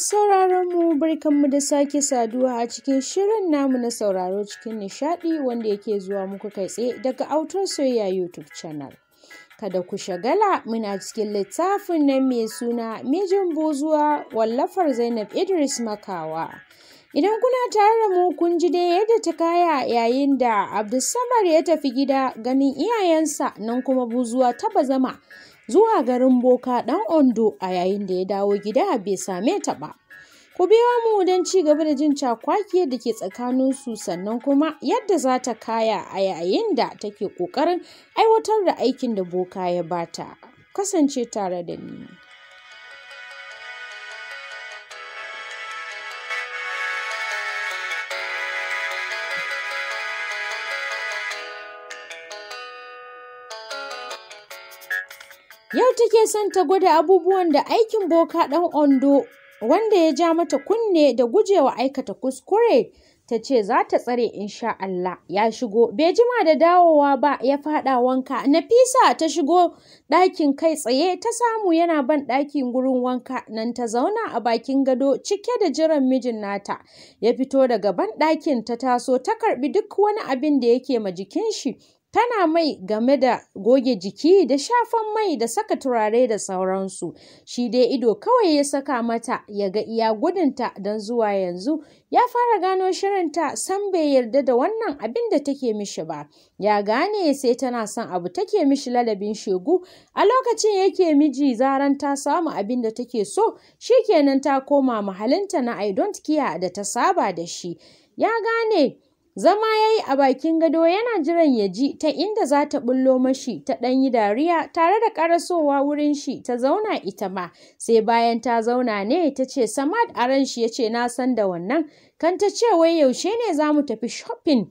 mu mu barkanmu da sake saduwa a cikin shirin namu na sauraro cikin nishaɗi wanda yake zuwa muku kai tsaye daga Autar Soyayya YouTube channel. Kada ku shagala muna cikin littafin nan mai suna Mijin Bozuwa wallafar Zainab Idris Makawa. Idan kuna tare da mu kun ji dai yadda ta kaya yayin da Abdulsamar ya tafi gida ganin iyayensa nan kuma buzuwa taba zama. zuwa garin Boka ɗan Ondo a yayin da ya dawo gida bai same ta ba. Ku biyo mu don ci gaba da jin cakwakiyar da ke tsakanin su sannan kuma yadda za ta kaya a yayin da take ƙoƙarin aiwatar da aikin da Boka ya bata. Kasance tare da ni. Yau take son ta gwada abubuwan da aikin boka ɗan Ondo wanda ya ja mata kunne da gujewa aikata kuskure ta ce za ta tsare insha Allah ya shigo bai jima da dawowa ba ya fada wanka Nafisa ta shigo ɗakin kai tsaye ta samu yana ban ɗakin gurin wanka nan ta zauna a bakin gado cike da jiran mijin nata ya fito daga ban ɗakin ta taso ta karbi duk wani abin da yake ma jikin shi tana mai game da goge jiki da shafan mai da saka turare da sauransu shi dai ido kawai ya saka mata ya ga iya gudunta don zuwa yanzu ya fara gano shirinta san bai yarda da wannan abin da take mishi ba ya gane sai tana son abu take mishi lalabin shegu a lokacin yake miji zaran ta samu abin da take so Shi kenan ta koma mahalinta na i don't care da ta saba da shi ya gane Zama ya yi a bakin gado yana jiran ya ji ta inda za ta bullo mashi ta ɗan yi dariya tare da ƙarasowa wurin shi ta zauna ita ma. Sai bayan ta zauna ne ta ce Samad a ran shi ya ce na san da wannan. Kan ta ce wai yaushe ne za mu tafi shopping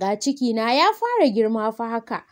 ga ciki na ya fara girma fa haka.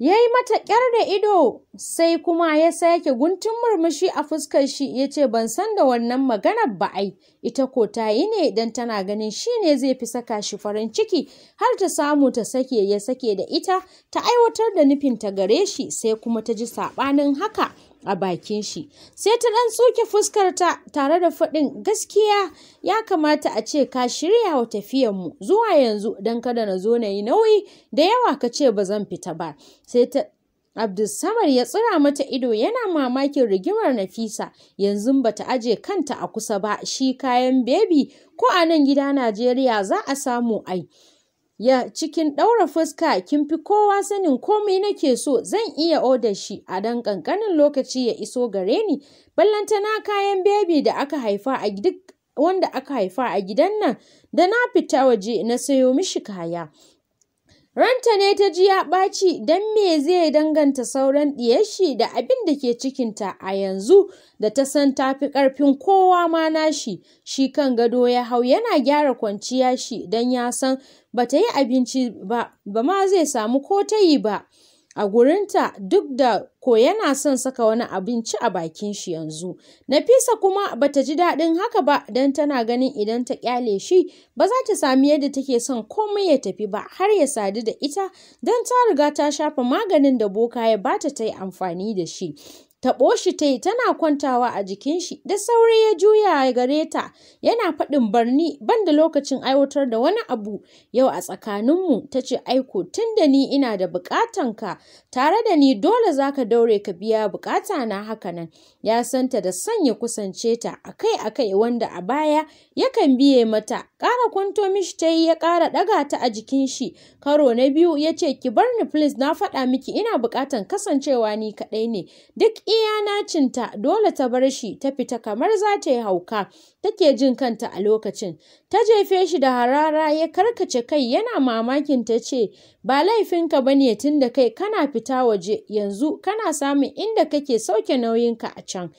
ya yi mata ƙyar da ido sai kuma ya sake guntun murmushi a fuskar shi ya ce ban san da wannan maganar ba ai ita ko ta yi ne idan tana ganin shi ne zai fi saka shi farin ciki har ta samu ta sake ya sake da ita ta aiwatar da nufinta gare shi sai kuma ta ji saɓanin haka a bakin shi sai ta ɗan tsuke fuskarta tare da faɗin gaskiya ya kamata a ce ka shirya wa tafiyanmu zuwa yanzu don kada na zo na yi nauyi da yawa ka ce ba zan fita ba sai ta Abdulsamar ya tsira mata ido yana mamakin rigimar Nafisa yanzu ba ta aje kanta a kusa ba shi kayan bebi ko a nan gida Najeriya za a samu ai ya cikin ɗaura fuska kin fi kowa sanin komai nake so zan iya odar shi a dan ƙanƙanin lokaci ya iso gare ni ballantana kayan bebi da aka haifa a duk wanda aka haifa a gidan nan da na fita waje na sayo mishi kaya Ranta ne ta ji ya ɓaci don me zai danganta sauran ɗiyashi da abin da ke cikinta a yanzu da ta san ta fi ƙarfin kowa ma nashi, shi kan gado ya hau yana gyara kwanciya shi don ya san ba ta yi abinci ba, ba ma zai samu ko ta yi ba. A gurinta duk da ko yana son saka wani abinci a bakin shi yanzu. Nafisa kuma bata ji daɗin haka ba don tana ganin idan ta kyale shi ba za ta sami yadda take son komai ya tafi ba har ya sadu da ita don ta riga ta shafa maganin da boka ya bata ta yi amfani da shi. taɓo shi ta yi tana kwantawa a jikin shi da sauri ya juya gare ta yana faɗin barni banda lokacin aiwatar da wani abu yau a tsakaninmu ta ce aiko tun da ni ina da buƙatanka tare da ni dole za ka daure ka biya bukata na haka nan. ya santa da sanya kusance ta akai akai wanda a baya yakan biye mata ƙara kwanto mishi ta yi ya ƙara ɗaga ta a jikin shi karo na biyu ya ce ki bar ni please na faɗa miki ina buƙatan kasancewa ni kaɗai ne duk iya nacinta dole ta bar shi ta fita kamar za ta yi hauka take jin kanta a lokacin ta jefe shi da harara ya karkace kai yana mamakin ta ce ba laifinka ba ne tun da kai kana fita waje yanzu kana samun inda kake sauke nauyinka a can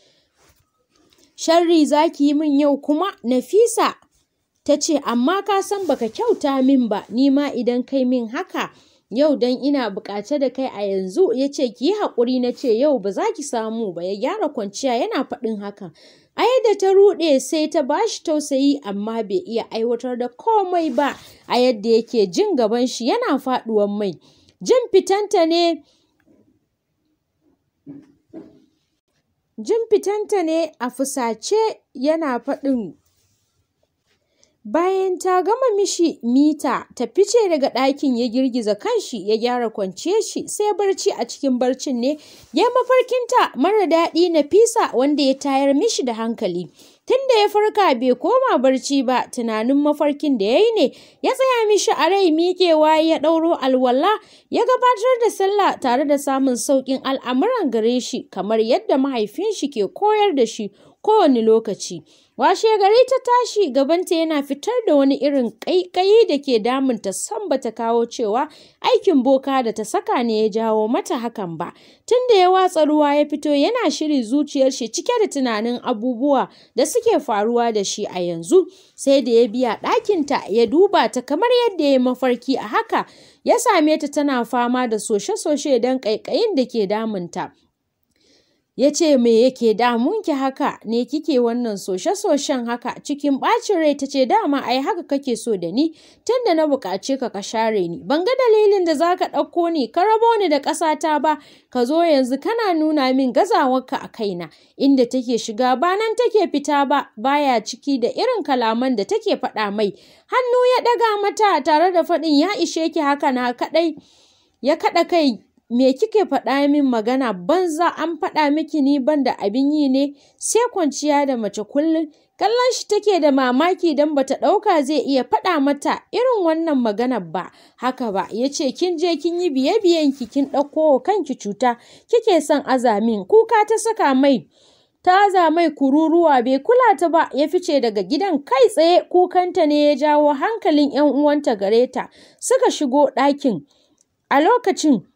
sharri za ki yi min yau kuma nafisa ta ce amma ka san baka kyauta min ba ni ma idan kai min haka yau dan ina bukace da kai a yanzu ya ce ki yi haƙuri na ce yau ba za ki samu ba ya gyara kwanciya yana faɗin haka Ai da ta ruɗe sai ta bashi tausayi amma bai iya aiwatar da komai ba a yadda yake jin gaban shi yana faɗuwan mai jin fitanta ne jin fitanta ne a fusace yana faɗin Bayan ta gama mishi mita, ta fice daga ɗakin ya girgiza kanshi ya gyara kwanciyar shi sai barci a cikin barcin ne ya mafarkinta mara daɗi na fisa wanda ya tayar mishi da hankali. Tun da ya farka bai koma barci ba tunanin mafarkin da ya yi ne ya tsaya mishi a rai miƙewa ya ɗauro alwala ya gabatar da sallah tare da samun sauƙin al'amuran gare shi kamar yadda mahaifin shi ke koyar da shi kowane lokaci. Washe gari ta tashi gabanta yana fitar da wani irin ƙaiƙayi da ke damun ta san bata kawo cewa aikin boka da ta saka ne ya jawo mata hakan ba. tunda da ya watsa ruwa ya fito yana shiri zuciyar shi cike da tunanin abubuwa da suke faruwa da shi a yanzu. Sai da ya biya ɗakinta ya duba ta kamar yadda ya mafarki a haka ya same ta tana fama da soshe-soshe don ƙaiƙayin da ke damunta. ya ce me yake damunki haka ne kike wannan soshe-soshen haka cikin ɓacin rai ta ce dama ai haka kake so da ni tunda na buƙace ka ka share ni ban ga dalilin da zaka ɗauko ni ka rabo ni da ƙasata ba ka zo yanzu kana nuna min gazawarka a kaina inda take shiga ba nan take fita ba baya ciki da irin kalaman da take faɗa mai hannu ya ɗaga mata tare da faɗin ya ishe ki haka na kaɗai ya kaɗa kai me kike faɗa min magana banza an faɗa miki ni ban da abin yi ne sai kwanciya da mace kullum kallon shi take da mamaki don bata ɗauka zai iya faɗa mata irin wannan maganar ba haka ba ya ce kin je kin yi biye biyen ki kin ɗauko wa kanki cuta kike son azamin kuka ta saka mai ta za mai kururuwa bai kula ta ba ya fice daga gidan kai tsaye kukanta ne ya jawo hankalin 'yan uwanta gare ta suka shigo ɗakin a lokacin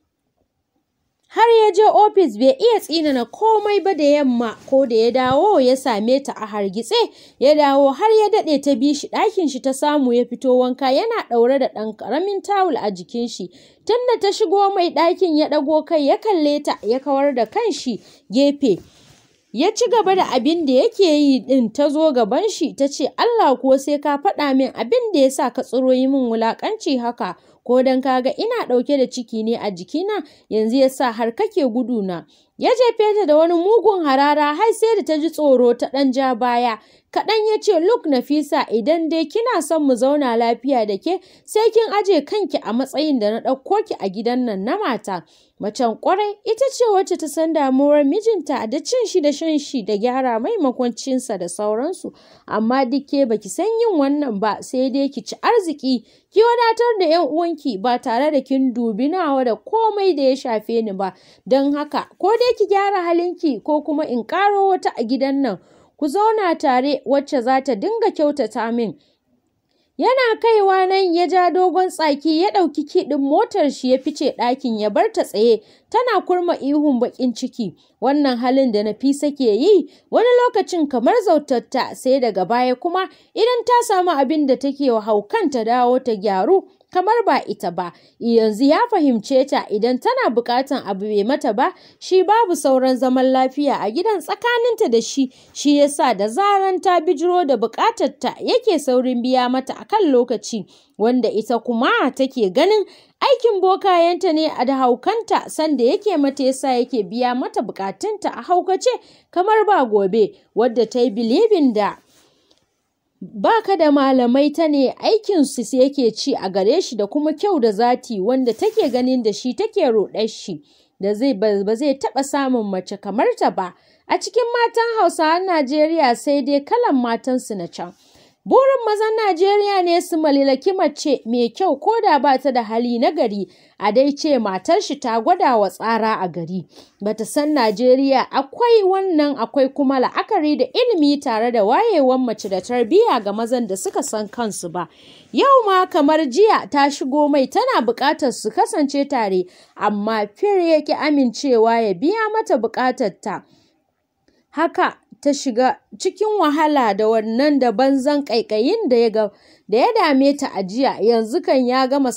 har ya je ofis bai iya tsinana komai ba da yamma ko da ya dawo ya same ta a hargitse ya dawo har ya daɗe ta bi shi ɗakin shi ta samu ya fito wanka yana ɗaure da ɗan ƙaramin tawul a jikin shi tunda ta shigo mai ɗakin ya ɗago kai ya kalle ta ya kawar da kan shi gefe ya ci gaba da abin da yake yi din ta zo gaban shi ta ce Allah ko sai ka faɗa min abin da ya sa ka tsiro yi min wulakanci haka ko don kaga ina ɗauke da ciki ne a jikina yanzu ya sa har kake na. ya jefe ta da wani mugun harara har sai da ta ji tsoro ta ɗan ja baya kaɗan ya ce look nafisa idan dai kina son mu zauna lafiya da ke sai kin aje kanki a matsayin da na ɗauko ki a gidan nan na mata macen ƙwarai ita ce wacce ta san damuwar mijinta da cin shi da shan shi da gyara maimakon cinsa da sauransu amma dike baki san yin wannan ba sai dai ki ci arziki ki wadatar da yan uwanki ba tare da kin dubi nawa da komai da ya shafe ni ba don haka ko dai dai ki gyara halinki ko kuma in ƙaro wata a gidan nan ku zauna tare wacce za ta dinga kyautata min yana kaiwa nan ya ja dogon tsaki ya ɗauki kiɗin motar shi ya fice ɗakin ya bar ta tsaye tana kurma ihun baƙin ciki wannan halin da na nafisa ke yi wani lokacin kamar zautatta sai daga baya kuma idan ta samu abin da take wa haukan ta dawo ta gyaru kamar ba ita ba yanzu ya fahimce ta idan tana bukatan abu bai mata ba shi babu sauran zaman lafiya a gidan tsakaninta da shi shi yasa da zaran ta bijiro da bukatar ta yake saurin biya mata a kan lokaci wanda ita kuma take ganin aikin bokayenta ne a da haukanta sanda yake mata yasa yake biya mata bukatunta a haukace kamar ba gobe wadda ta yi bilibin da ba ka da malamai ta ne aikinsu sai yake ci a gare shi da kuma kyau da zati wanda take ganin da shi take roɗar shi da zai ba zai taɓa samun mace kamar ta ba a cikin matan hausawan najeriya sai dai kalan matansu na can Burin mazan Najeriya ne su malilaki mace mai kyau ko da ba ta da hali na gari, a dai ce matar shi ta gwada wa tsara a gari. Bata san Najeriya akwai wannan akwai kuma la'akari da ilimi tare da wayewan mace da tarbiyya ga mazan da suka san kansu ba. Yau ma kamar jiya ta shigo mai tana buƙatar su kasance tare, amma fir yake amincewa ya biya mata buƙatar ta. Haka ta shiga cikin wahala da wannan da banzan ƙaiƙayin da ya da ya dame ta a jiya yanzu kan ya gama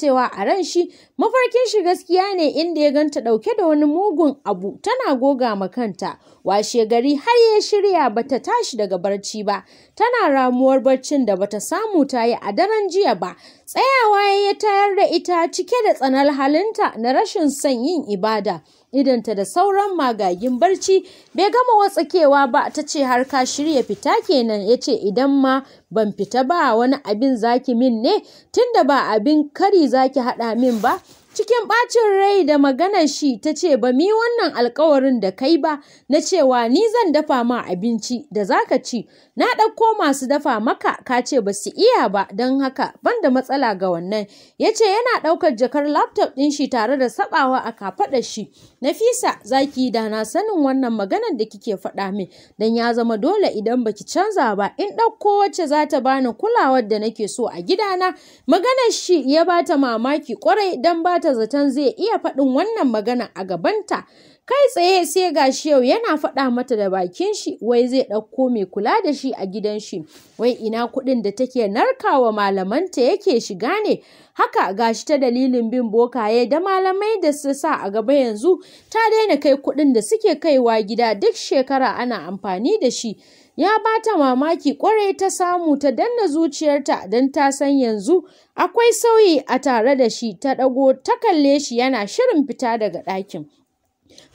cewa a ran shi mafarkin shi gaskiya ne inda ya ganta ɗauke da wani mugun abu tana goga ma kanta washe gari har ya shirya bata tashi daga barci ba tana ramuwar barcin da bata samu ta yi a daren jiya ba tsayawa ya yi tayar da ita cike da tsanar halinta na rashin son yin ibada idanta da sauran magagin barci bai gama watsakewa ba ta ce har ka shirya fita kenan ya ce idan ma ban fita ba wani abin zaki min ne tunda ba abin kari zaki haɗa min ba cikin ɓacin rai da maganar shi ta ce ba mi wannan alkawarin da kai ba na cewa ni zan dafa ma abinci da zaka ci na ɗauko masu dafa maka ka ce ba su iya ba don haka ban da matsala ga wannan ya ce yana ɗaukar jakar laptop ɗin shi tare da saɓawa a kafaɗar shi Nafisa za ki yi dana sanin wannan maganar da kike faɗa min don ya zama dole idan baki canza ba in ɗauko wacce za ta bani kulawar da nake so a gidana. Maganar shi ya bata mamaki kwarai don bata zaton zai iya faɗin wannan magana a gabanta. Kai tsaye sai ga shi yau yana faɗa mata da bakin shi wai zai ɗauko mai kula da shi a gidan shi. Wai ina kuɗin da take narkawa malamanta yake shiga ne. Haka gashi ta dalilin bin bokaye da malamai da su sa a gaba yanzu ta daina kai kuɗin da suke kaiwa gida duk shekara ana amfani da shi. ya ba ta mamaki kwarai ta samu ta danna zuciyarta don ta san yanzu akwai sauyi a tare da shi ta ɗago ta kalle shi yana shirin fita daga ɗakin.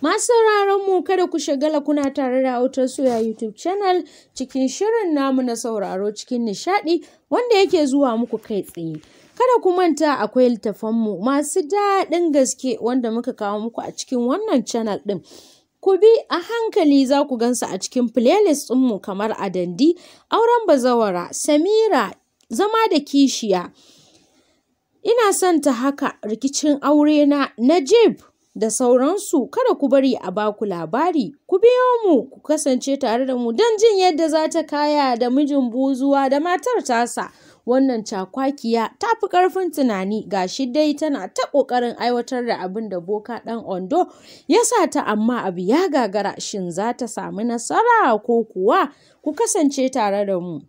Masu sauraron mu kada ku shagala kuna tare da autar soya YouTube channel cikin shirin namu na sauraro cikin nishaɗi wanda yake zuwa muku kai tsaye. Kada ku manta akwai littafanmu masu daɗin gaske wanda muka kawo muku a cikin wannan channel ɗin. Ku bi a hankali za ku gansa a cikin playlist ɗinmu kamar a dandi, auren bazawara, samira, zama da kishiya. Ina son ta haka rikicin aure na Najib. da sauransu kada ku bari a baku labari ku biyo mu ku kasance tare da mu don jin yadda za ta kaya da mijin buzuwa da matar tasa wannan cakwakiya ta fi ƙarfin tunani ga shi dai tana ta ƙoƙarin aiwatar da abin da boka ɗan ondo ya sa ta amma abu ya gagara shin za ta samu nasara ko kuwa ku kasance tare da mu